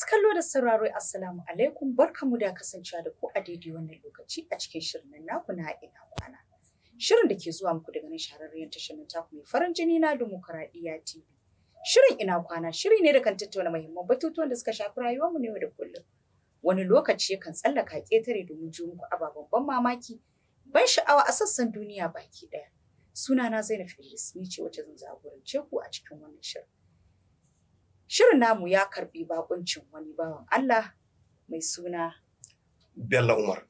Masu kallo da sauraro Assalamu alaikum barkamu da kasancewa da ku a daidai wannan lokaci a cikin shirin nan naku na ina kwana. Shirin da ke zuwa muku daga nan shahararren tashar taku mai farin jini na Dimokuraɗiyya TV. Shirin ina kwana shiri ne da kan tattauna muhimman batutuwan da suka shafi rayuwarmu ne da kullum. Wani lokaci yakan tsallaka ƙetare domin ji muku ababen ban mamaki ban sha'awa a sassan duniya baki ɗaya. Sunana Zainab Idris ni ce wacce zan jagorance ku a cikin wannan shirin. Shirin namu ya karbi bakuncin wani bawan Allah mai suna Bello Umar.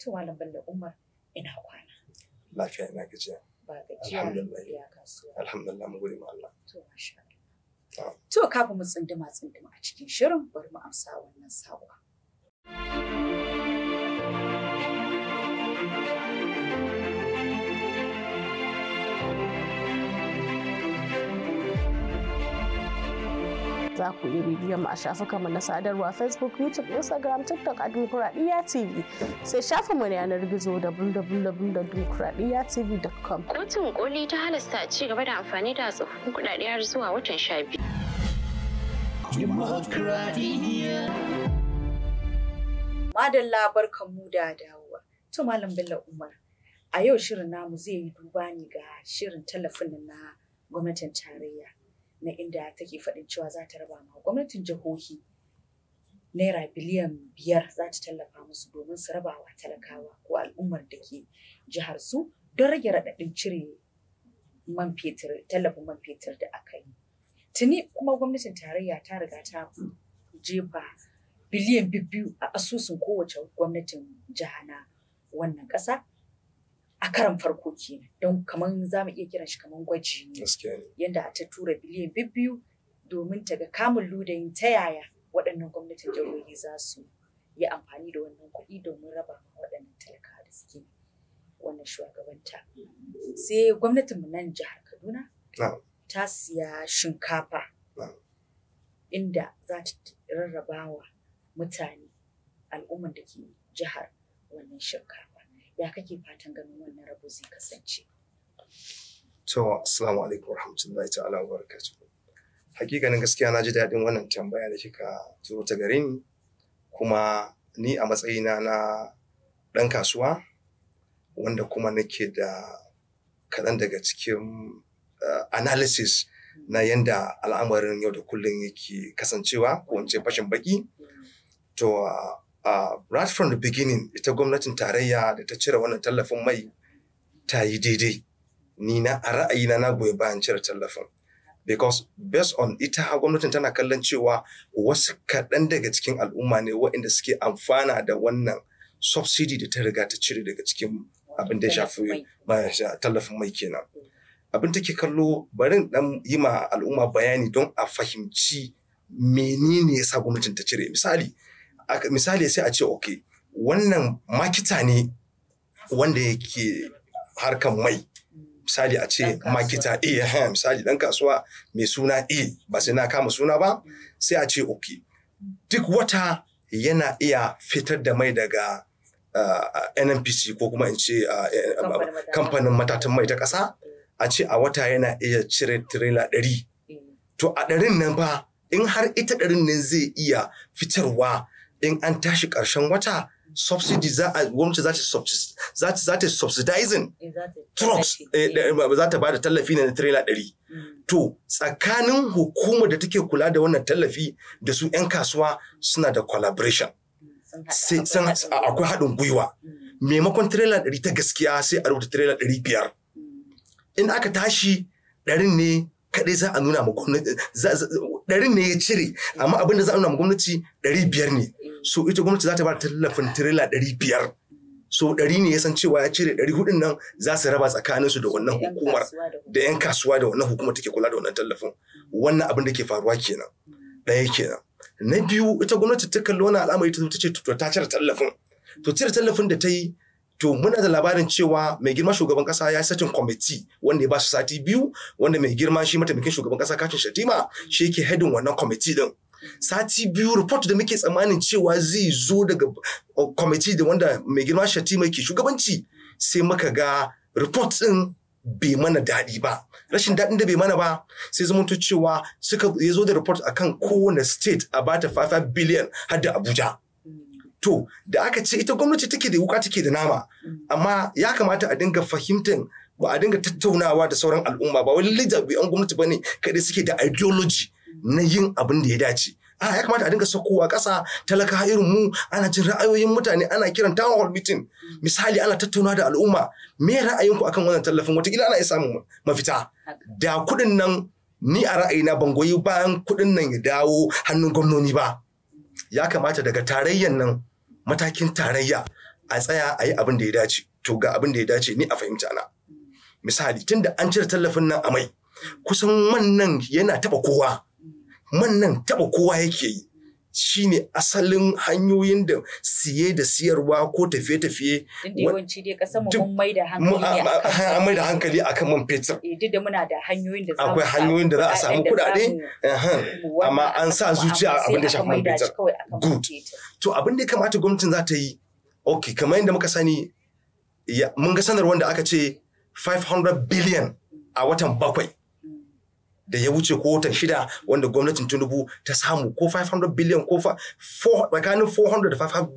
To Malam Bello Umar ina kwana. Lafiya ina gajiya. Ba gajiya. Alhamdulillah. Alhamdulillah mu gode ma Allah. To masha Allah. To kafin mu tsinduma tsinduma a cikin shirin bari mu amsa wannan you. za ku iya bibiyar mu a mu na sadarwa facebook youtube instagram tiktok a dimokuraɗiyya tv sai mu na yanar gizo www.dimokuraɗiyyatv.com kotun koli ta halasta ci gaba da amfani da tsofaffin kuɗaɗe har zuwa watan sha biyu Madalla mu da dawowa. To Malam Bello Umar, a yau shirin namu zai yi duba ne ga shirin tallafin na gwamnatin tarayya na inda take faɗin cewa za ta raba ma gwamnatin jihohi naira biliyan biyar za ta tallafa musu domin su raba wa talakawa ko al'ummar da ke jihar su don rage raɗaɗin cire tallafin man fetur da aka yi tuni kuma gwamnatin tarayya ta riga ta jefa biliyan biyu a asusun kowace gwamnatin jiha na wannan ƙasa a karan farko kenan don kaman za mu iya kiran shi kaman gwaji ne yadda ta tura biliyan biyu domin ta ga kamun ludayin ta yaya waɗannan gwamnatin jihohi za su yi amfani da wannan kuɗi domin raba waɗannan talaka da suke wannan shugabanta sai mu nan jihar kaduna ta siya shinkafa inda za ta rarrabawa mutane al'umman da ke jihar wannan shinkafa ya kake fatan ganin wannan rabo zai kasance to assalamu alaikum warahmatullahi ta'ala wabarakatuh hakikanin gaskiya na ji daɗin wannan tambaya da kika zo ta gare ni kuma ni a matsayina na ɗan kasuwa wanda kuma nake da kaɗan daga cikin uh, analysis na yadda al'amarin yau da kullum yake kasancewa ko in ce fashin baki to right from the beginning ita gwamnatin tarayya da ta cire wannan tallafin mai ta yi daidai ni na a ra'ayina na goyi bayan cire tallafin because based on ita gwamnatin tana kallon cewa wasu kaɗan daga cikin al'umma ne waɗanda suke amfana da wannan subsidy da ta riga ta cire daga cikin abin da shafi tallafin mai kenan abin take kallo barin dan yi ma al'umma bayani don a fahimci menene yasa gwamnatin ta cire misali misali sai a ce ok wannan makita ne wanda yake harkan mai misali a ce makita a eh, misali dan kasuwa mai suna a ba sai na kama suna ba sai a ce ok duk wata yana iya fitar da mai daga ah, nnpc ko kuma in ce ah, eh, eh, kamfanin matatan mai ta ƙasa a ce a wata yana iya cire tirela ɗari to a ɗarin nan ba in har ita ɗarin nan zai iya fitarwa in an tashi ƙarshen wata subsidy za a gwamnati za ta za ta subsidizing eh, trucks eh, za ta ba da tallafi na trailer ɗari. Mm. To tsakanin hukumar da take kula da wannan tallafi da su 'yan kasuwa suna da collaboration. Akwai haɗin gwiwa. Mm. Maimakon trailer ɗari ta gaskiya sai a rubuta trailer ɗari biyar. Mm. In aka tashi ɗarin ne kaɗai za a nuna ma gwamnati ɗarin ne ya cire amma abin da za a nuna ma gwamnati ɗari biyar ne. so ita gwamnati za ta ba tallafin tirila ɗari biyar so ɗari ne ya san cewa ya cire ɗari hudun nan za su raba tsakanin su da wannan hukumar da yan kasuwa da wannan hukumar take kula da wannan tallafin wannan abin da ke faruwa kenan ɗaya kenan na biyu ita gwamnati ta kalli wani al'amari ta ce to ta cire tallafin to cire tallafin da ta yi to muna da labarin cewa mai girma shugaban kasa ya satin kwamiti wanda ya ba su sati biyu wanda mai girma shi mataimakin shugaban kasa kacin shatima shi yake hedin wannan kwamiti din sati biyu report da muke tsammanin cewa zai zo daga uh, kwamiti da wanda mai girma shati mai ke shugabanci sai muka ga report din bai mana daɗi ba rashin daɗin da bai mana ba sai zamanto cewa suka ya zo da report akan kowane state a bata 5 billion har da abuja to da aka ce ita gwamnati take da wuka take da nama amma ya kamata a dinga fahimtar ba a dinga tattaunawa da sauran al'umma ba wani bai an gwamnati ba ne kaɗai suke da ideology na yin abin da ya dace a ya kamata a dinga sakowa ƙasa talaka irin mu ana jin ra'ayoyin mutane ana kiran town hall meeting misali ana tattauna da al'umma me ra'ayinku akan wannan tallafin wataƙila ana iya samun mafita da kuɗin nan ni a ra'ayina ban goyi bayan kuɗin nan ya dawo hannun gwamnoni ba ya kamata daga tarayyan nan matakin tarayya a tsaya a yi abin da ya dace to ga abin da ya dace ni a fahimta na misali tunda an cire tallafin nan a mai kusan wannan yana taba kowa man nan taɓa kowa yake yi shi ne asalin hanyoyin da siye da siyarwa ko tafiye-tafiye. yawanci da ƙasar mu mun mai da hankali a kan man fetur. Eh, duk da muna da hanyoyin da za Akwai hanyoyin da za a samu kudade amma an sa zuciya abin da shafi man fetur. Good. To abin da ya kamata gwamnatin za ta yi, ok, kamar yadda muka sani, mun ga sanarwar da aka ce 500 billion a watan bakwai. da ya wuce ko watan shida wanda gwamnatin tinubu ta samu ko 500 billion ko tsakanin 400 da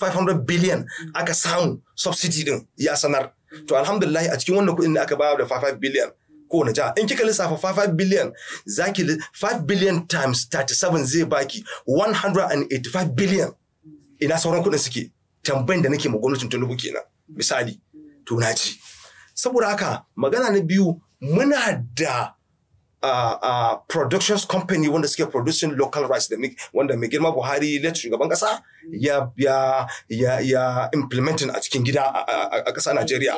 500 billion aka samu subsidy din ya sanar to alhamdulillah a cikin wannan kuɗin da aka ba da 500 billion Ko na ja in kika lissafa 500 billion zaki 5 billion times 37 zai baki 185 billion ina sauran kuɗin suke tambayin da nake ma gwamnatin tinubu kenan misali to na saboda haka magana na biyu muna da Uh, uh, productions company wanda suke producing local rice da wanda mai girma Buhari ne shugaban kasa ya ya ya implementing a cikin gida a ƙasa Najeriya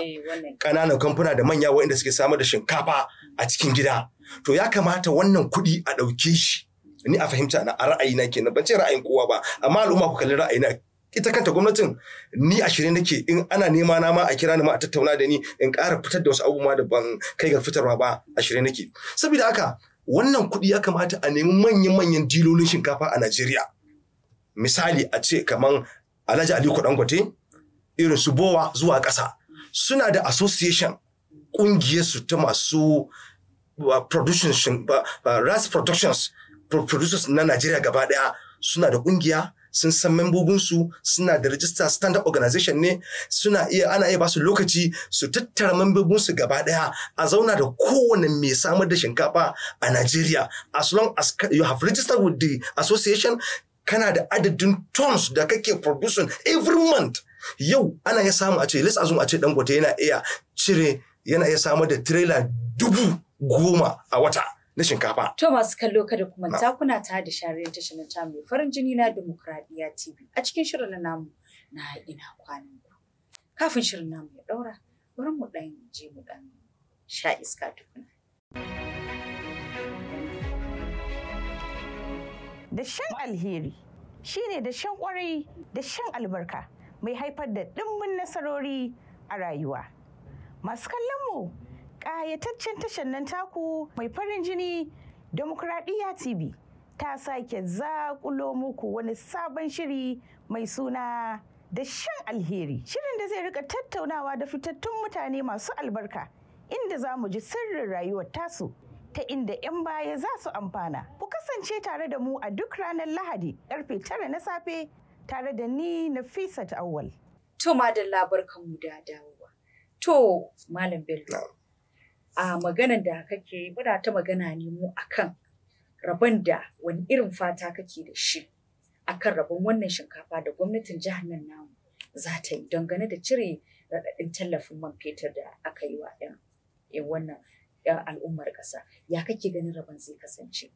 Kananan eh, kamfuna da manya waɗanda suke samar da shinkafa a cikin gida to ya kamata wannan kuɗi a ɗauke shi ni a fahimta na a ra'ayina kenan ban ce ra'ayin kowa ba amma al'umma ku kalli ra'ayina ita kanta gwamnatin ni a shirye nake in ana nema na ma a kira ni ma a tattauna da ni in ƙara fitar da wasu abubuwa da ban kai ga fitarwa ba a shirye nake saboda haka wannan kuɗi ya kamata a nemi manyan manyan dilolin shinkafa a Najeriya misali a ce kaman Alhaji Aliko Dangote irin su Bowa zuwa ƙasa suna da association ƙungiyarsu ta masu productions ras productions producers na Najeriya gaba ɗaya suna da ƙungiya sun san membobinsu suna da rajista standard organization ne suna iya ana iya basu lokaci su tattara membobinsu gaba daya a zauna da kowane mai samar da shinkafa a nigeria as long as you have registered with the association kana da adadin tons da kake producing every month yau ana iya samu a ce let's assume a ce dangote yana iya cire yana iya samar da trailer dubu goma a wata na shinkafa. thomas masu kallo kada kuma ta kuna ta da shariyar tashar ta mai farin jini na Demokradiya TV a cikin shirin na namu na ina kwanan ku. Kafin shirin namu ya ɗaura bari mu dan je mu dan sha iska tukuna. Da shan alheri shine da shan kwarai da shan albarka mai haifar da ɗimbin nasarori a rayuwa. Masu kallon mu kayataccen tashar nan taku mai farin jini Demokradiyya TV ta sake zaƙulo muku wani sabon shiri mai suna da shan alheri. Shirin da zai rika tattaunawa da fitattun mutane masu albarka inda za mu ji sirrin rayuwar tasu ta inda 'yan baya za su amfana. Ku kasance tare da mu a duk ranar Lahadi karfe tara na safe tare da ni ta Awwal. To madalla barkanmu da dawowa. To Malam Bello. a maganar da kake yi muna ta magana ne mu akan rabon da wani irin fata kake da shi akan rabon wannan shinkafa da gwamnatin jihar nan namu za ta yi dangane da cire raɗaɗin tallafin man fetur da aka yi wa 'yan wannan al'ummar ƙasa ya kake ganin rabon zai kasance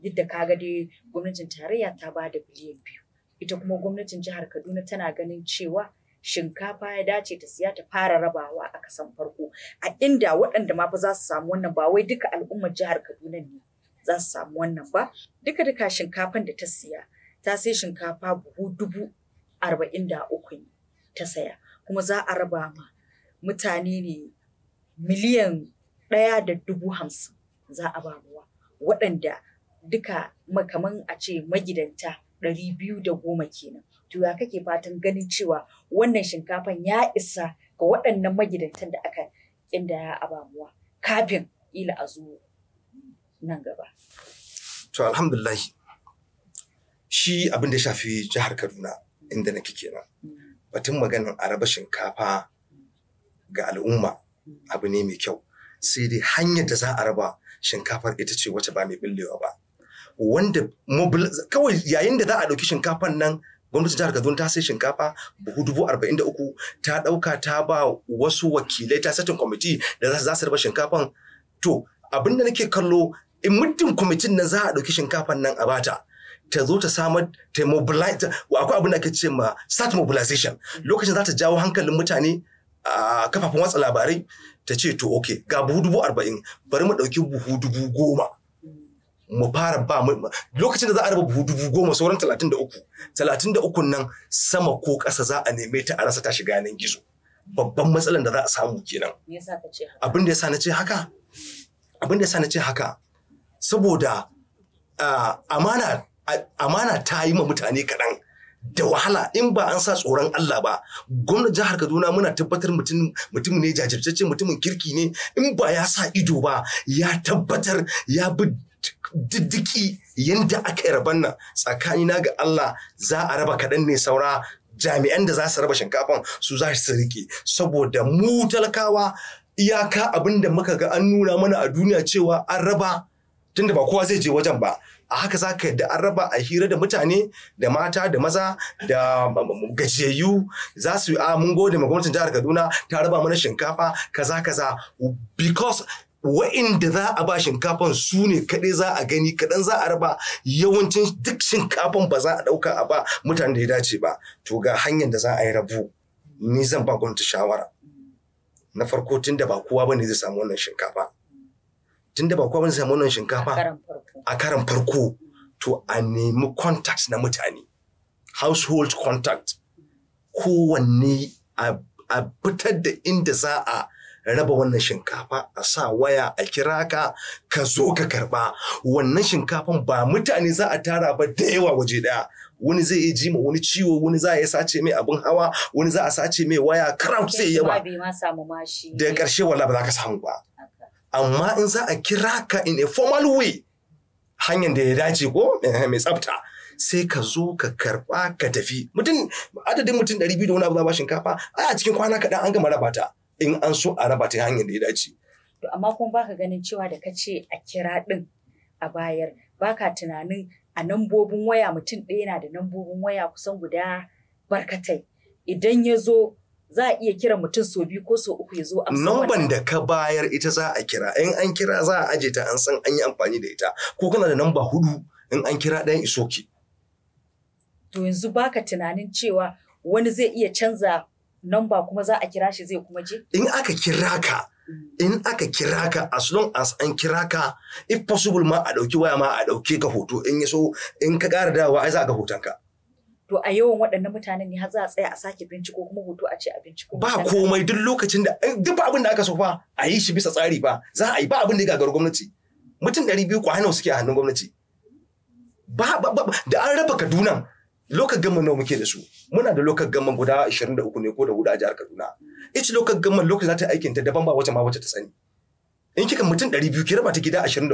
duk da kaga dai gwamnatin tarayya ta ba da biliyan biyu ita kuma gwamnatin jihar kaduna tana ganin cewa shinkafa ya dace ta siya ta fara rabawa a kasan farko a inda waɗanda ma fa za su samu wannan ba wai duka al'ummar jihar Kaduna ne za su samu wannan ba duka duka shinkafan da ta siya ta sai shinkafa buhu dubu arba'in da uku ne ta saya kuma za a raba ma mutane ne miliyan ɗaya da dubu hamsin za a ba wa waɗanda duka makaman a ce magidanta ɗari biyu da goma kenan to ya kake fatan ganin cewa wannan shinkafan ya isa ga waɗannan magidantan da aka inda ya abamuwa kafin ila a zo nan gaba. To alhamdulahi shi abin da shafi jihar Kaduna inda nake kenan. Mm. Batun maganin araba shinkafa ga al'umma mm. abu ne mai kyau. Sai dai hanyar da za a raba shinkafar ita ce wacce ba mai billewa ba. Wanda kawai yayin da za a ɗauki shinkafan nan gwamnatin jihar kaduna ta sai shinkafa buhu dubu arba'in da uku ta ɗauka ta ba wasu wakilai ta satin kwamiti da za su raba shinkafan to abin da nake kallo in muddin kwamitin nan za a ɗauki shinkafan nan a bata ta zo ta samar ta mobilize akwai abin da ake ce ma start mobilization lokacin za ta jawo hankalin mutane a kafafen watsa labarai ta ce to okay ga buhu dubu arba'in bari mu ɗauki buhu dubu goma mu fara ba lokacin da za a raba buhu dubu goma sauran talatin da uku talatin da ukun nan sama ko ƙasa za a neme ta a rasa ta shiga yanan gizo babban matsalan da za a samu kenan abin da sa na ce haka abin da sa na ce haka saboda ah, amana amana ta yi ma mutane kaɗan da wahala in ba an sa tsoron Allah ba gwamnatin jihar Kaduna muna tabbatar mutum mutum ne jajirtacce mutumin kirki ne in ba ya sa ido ba ya tabbatar ya bi diddiki yadda aka yi rabon nan tsakani na ga Allah za a raba kaɗan ne saura jami'an da za su raba shinkafan su za su rike saboda mu talakawa iyaka abinda da muka ga an nuna mana a duniya cewa an raba tunda ba kowa zai je wajen ba a haka za ka da an raba a hira da mutane da mata da maza da gajiyayyu za su yi a ah, mun gode gwamnatin jihar kaduna ta raba mana shinkafa kaza kaza because wa'inda za a ba shinkafan su ne kaɗai za a gani kaɗan za a raba yawancin duk shinkafan ba za a ɗauka a ba mutane da ya dace ba to ga hanyar da za a yi rabu ni zan ba gwamnati shawara na farko tun da ba kowa ne zai samu wannan shinkafa tun da ba kowa ne zai samu wannan shinkafa a karan farko to a nemi contact na mutane household contact kowanne a fitar da inda za a raba wannan shinkafa a sa waya a kira ka ka zo ka karba wannan shinkafan ba mutane za a tara ba da yawa waje daya wani zai iya jima wani ciwo wani za a sace mai abin hawa wani za a sace mai waya crowd sai yawa da karshe wala ba za ka samu ba amma in za a kira ka in a formal way hanyar da ya dace ko eh, mai tsafta sai ka zo ka karba ka tafi mutum adadin mutum 200 da wani abu za ba shinkafa a cikin kwana kaɗan an gama raba in an so a raba ta hanyar da ya dace. To amma kuma baka ganin cewa da ka ce a kira din a bayar baka tunanin a nambobin waya mutum ɗaya na da nambobin waya kusan guda barkatai idan ya zo za a iya kira mutum sau biyu ko sau uku ya zo amsa Namban da ka bayar ita za a kira in an kira za a aje ta an san an yi amfani da ita ko kana da namba hudu in an kira dan iso To yanzu baka tunanin cewa wani zai iya canza nan ba kuma za a kira shi zai kuma je? In aka kira ka, mm. in aka kira ka as long as an kira ka if possible ma a ɗauki waya ma a ɗauke ka hoto in ya so in ka ƙara dawowa ai za a ga hoton ka. To a yawan waɗannan mutanen ne har za a tsaya a sake binciko kuma hoto a ce a binciko. Ba komai duk lokacin da eh, duk abin da aka so fa a yi shi bisa tsari ba za a yi ba abin da ya gagaru gwamnati. Mutum ɗari biyu kwa hannu suke a hannun gwamnati. Ba ba ba da an raba Kaduna lokal government nawa muke da su muna da lokal government guda 23 ne ko da guda a jihar Kaduna each lokal government local za ta aikin ta daban ba wace ma wace ta sani in kika mutum 200 ki raba ta gida 23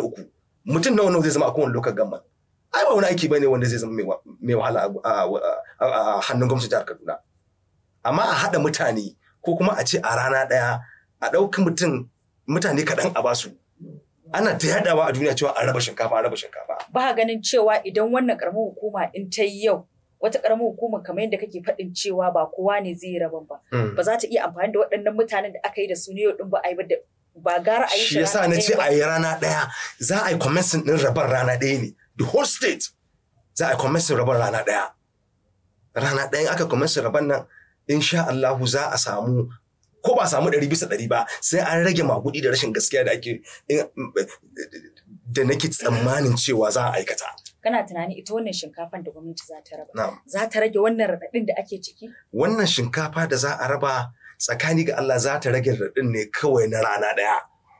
mutum nawa nawa zai zama a kowane lokal government ai ba wani aiki bane wanda zai zama mai wahala a hannun gwamnati jihar Kaduna amma a haɗa mutane ko kuma a ce a rana ɗaya a ɗauki mutum mutane kaɗan a basu ana ta yadawa a duniya cewa a raba shinkafa a raba shinkafa ba ganin cewa idan wannan karamar hukuma in ta yi yau wata karamar hukumar kamar yadda kake faɗin cewa ba kowa ne zai yi rabon ba hmm. ba za ta iya amfani da waɗannan mutanen da aka yi da su ne yau din ba a yi ba da ba gara a yi shi yasa na ce a yi rana ɗaya za a yi commencing ɗin rabon rana ɗaya ne the whole state za a yi commencing rabon rana ɗaya rana ɗaya aka commencing rabon nan insha Allah za a samu ko ba samu ɗari bisa ɗari ba sai an rage magudi da rashin gaskiya da ake da nake tsammanin cewa za a aikata. kana tunanin ita wannan shinkafan da gwamnati za ta raba za ta rage wannan raɗaɗin da ake ciki wannan shinkafa da za a raba tsakani ga Allah za ta rage raɗaɗin ne kawai na rana ɗaya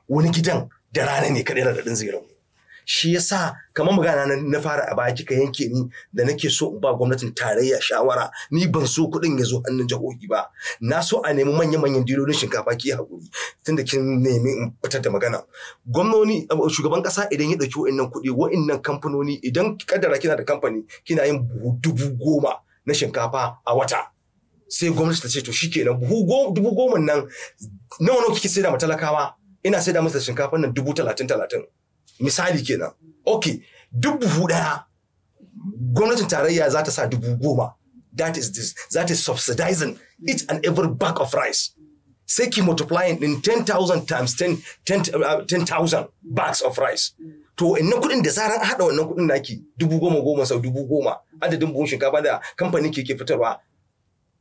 wani gidan da rana ne kaɗai raɗaɗin zai rabu shi yasa kamar magana na fara a baya kika yanke ni da nake so in ba gwamnatin tarayya shawara ni ban so kuɗin ya zo hannun jihohi ba na so a nemi manyan manyan dilolin shinkafa ki hakuri tunda kin nemi in fitar da magana gwamnoni eh, shugaban ƙasa idan ya ɗauki wa'innan kuɗi wa'innan kamfanoni idan kaddara kina da kamfani kina yin buhu dubu goma na shinkafa a wata sai gwamnati ta ce to shikenan dubu goma nan nawa nawa kike sai da matalakawa ina sai da masa shinkafa nan dubu talatin talatin misali kenan ok duk buhu ɗaya gwamnatin tarayya za ta sa dubu goma that is this that is subsidizing each and every bag of rice sai ki multiplying in 10,000 times 10,000 10, uh, bags of rice to wannan kuɗin da zaran haɗa wannan kuɗin naki dubu goma goma sau dubu goma adadin buhun shinkafa da kamfanin ke ke fitarwa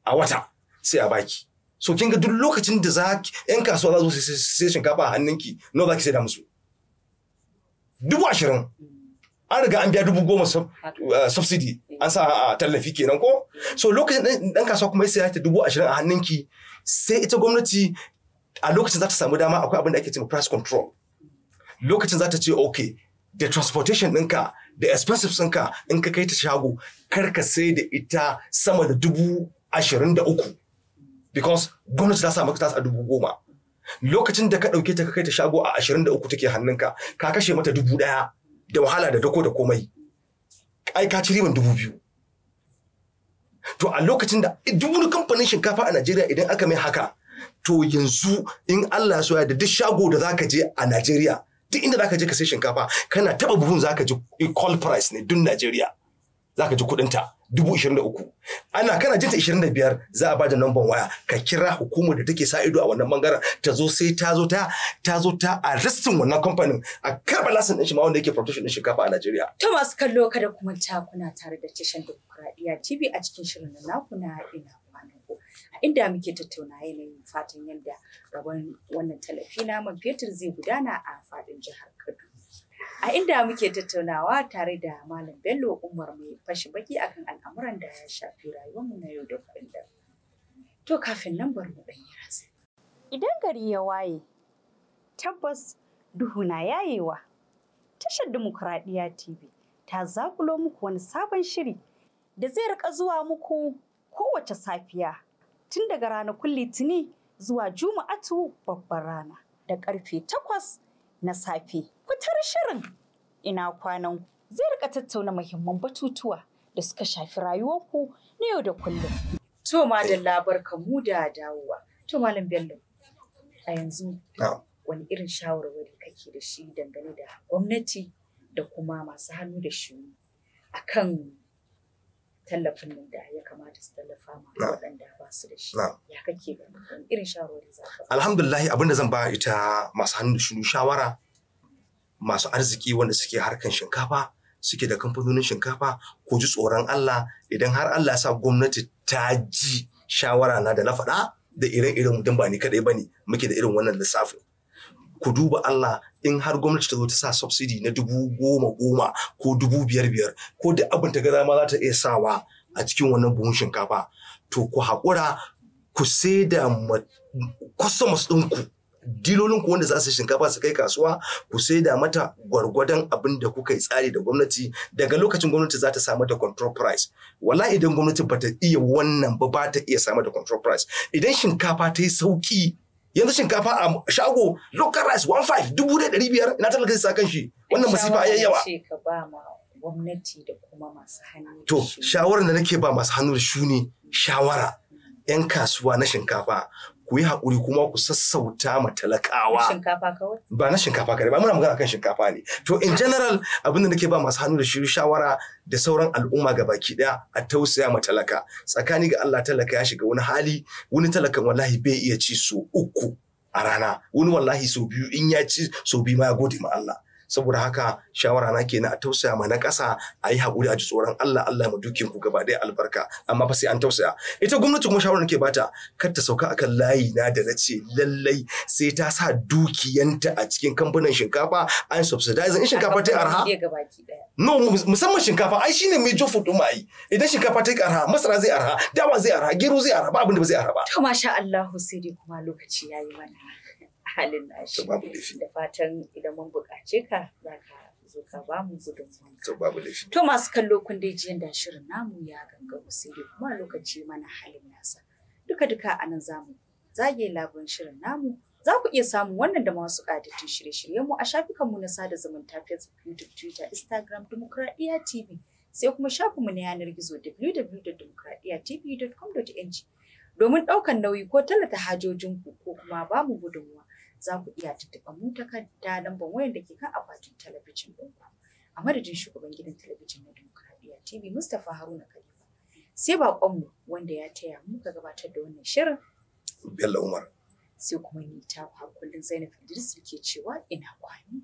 a wata sai a baki so kin ga duk lokacin da za yan kasuwa za su sai shinkafa a hannunki nawa za ki sai da musu dubu ashirin an riga an biya dubu goma uh, subsidy an sa a uh, tallafi kenan ko so lokacin dan kasuwa kuma ya saya ta dubu ashirin a hannunki sai ita gwamnati a lokacin za ta samu dama akwai abin da ake cewa price control lokacin za ta ce ok da transportation ɗinka da expensive ɗinka in ka kai ta shago kar ka sai da ita sama da dubu ashirin da uku because gwamnati ta samu kasa a dubu goma lokacin da ka ɗauke ta ka kai ta shago a ashirin da uku take hannun ka ka kashe mata dubu ɗaya da wahala da dako da komai ai ka ci riban dubu biyu to a lokacin da dubu kamfanin shinkafa a Najeriya idan aka mai haka to yanzu in Allah so ya da duk shago da zaka je a Najeriya duk inda zaka je ka sai shinkafa kana taɓa buhun zaka ji eh, call price ne duk Najeriya zaka ji kuɗinta dubu ishirin da uku ana kana jinta ishirin da biyar za a bada lambar waya ka kira hukumar da take sa ido a wannan bangaren ta zo sai ta zo ta ta zo ta arrestin wannan kamfanin a karɓa lasin ɗin shi ma wanda yake protection ɗin shinkafa a Najeriya to masu kallo kada kuma ta kuna tare da tashan kuraɗiya TV a cikin shirin na naku na ina a inda muke tattauna yanayin fatan yadda rabon wannan talafi na man fetur zai gudana a faɗin jihar A inda muke tattaunawa tare da Malam Bello Umar mai fashi baki akan al'amuran da ya shafi rayuwarmu na yau da kullum. To kafin nan bari mu dan yi Idan gari ya waye, tabbas duhu na yayewa. Tashar Dimokuraɗiyya TV ta zakulo muku wani sabon shiri da zai rika zuwa muku kowace safiya tun daga ranakun Litini zuwa Juma'atu babbar rana da karfe takwas na safe. Kutar shirin ina kwanan zai rika tattauna muhimman batutuwa da suka shafi rayuwarku na yau da kullum. To da labar kamu da dawowa. To malam Bello a yanzu wani irin shawarwari kake da shi dangane da gwamnati da kuma masu hannu da shuni akan tallafin nan da ya kamata su tallafa ma waɗanda ba su da shi ya kake ga irin shawarwari za ka alhamdulillah abin da zan ba ita masu hannu shuru shawara masu arziki wanda suke harkan shinkafa suke da kamfanonin shinkafa ko ji tsoron Allah idan har Allah ya sa gwamnati ta ji shawara na da na faɗa da irin irin don ba ni kaɗai ba ne muke da irin wannan lissafin ku duba Allah in har gwamnati ta zo ta sa subsidy na dubu goma goma ko dubu biyar biyar ko da abin ta ga ma za ta iya sawa a cikin wannan buhun shinkafa to ku haƙura ku sai da customers ɗinku dilolinku wanda za su shinkafa su kai kasuwa ku sai da mata gwargwadon abin da kuka yi tsari da gwamnati daga lokacin gwamnati za ta samu da control price wala idan gwamnati ba ta iya wannan ba ba ta iya samu da control price idan shinkafa ta yi sauki yanzu shinkafa a shago local rice one five dubu da ɗari biyar ina talaka sa kan shi wannan masifa ya yawa. gwamnati da kuma To shawarar da nake ba masu hannu da shuni shawara. 'yan kasuwa na shinkafa ku yi haƙuri kuma ku sassauta ma talakawa. Shinkafa kawai? Ba na shinkafa kare ba muna magana kan shinkafa ne. To in general abin da nake ba masu hannu da shiru shawara da sauran al'umma ga baki ɗaya a tausaya ma talaka. Tsakani ga Allah talaka ya shiga wani hali wani talakan wallahi bai iya ci so uku a rana wani wallahi sau biyu in ya ci so biyu ma ya gode ma Allah. saboda haka shawara na kenan a tausaya ma na ƙasa a yi haƙuri a ji tsoron Allah Allah mu dukin ku gaba ɗaya albarka amma fa sai an tausaya ita gwamnati kuma shawara nake bata kar ta sauka akan layi na da nace lallai sai ta sa dukiyanta a cikin kamfanin shinkafa an subsidizing in shinkafa ta arha no musamman shinkafa ai shine mai food din mai idan shinkafa ta arha masara zai arha dawa zai arha gero zai arha ba abin da ba zai arha ba to masha Allah sai dai kuma lokaci yayi mana halin nashi. babu laifi. Da fatan idan mun buƙace ka za ka zo ka ba mu gudunmuwan. To babu laifi. To masu kallo kun dai jiyan da shirin namu ya gangaru sai dai kuma lokaci mana halin nasa. Duka duka a nan zamu zage labarin shirin namu za ku iya samun wannan da masu ƙaditun shirye-shiryen mu a shafukanmu na sada zumunta Facebook, YouTube, Twitter, Instagram, Dimokuraɗiyya TV. Sai kuma mu na yanar gizo www.dimokuraɗiyyatv.com.ng domin ɗaukan nauyi ko tallata hajojinku ko kuma ba mu gudunmuwa. za ku iya tuntuɓa mu ta kan ta lambar wayar da ke kan akwatin talabijin ɗinku. A madadin shugaban gidan talabijin na Dimokuraɗiyya TV Mustapha Haruna kalifa Sai baƙonmu wanda ya taya mu ka gabatar da wannan shirin. Bello Umar. Sai kuma ni ta kullum Zainab Idris ke cewa ina kwani.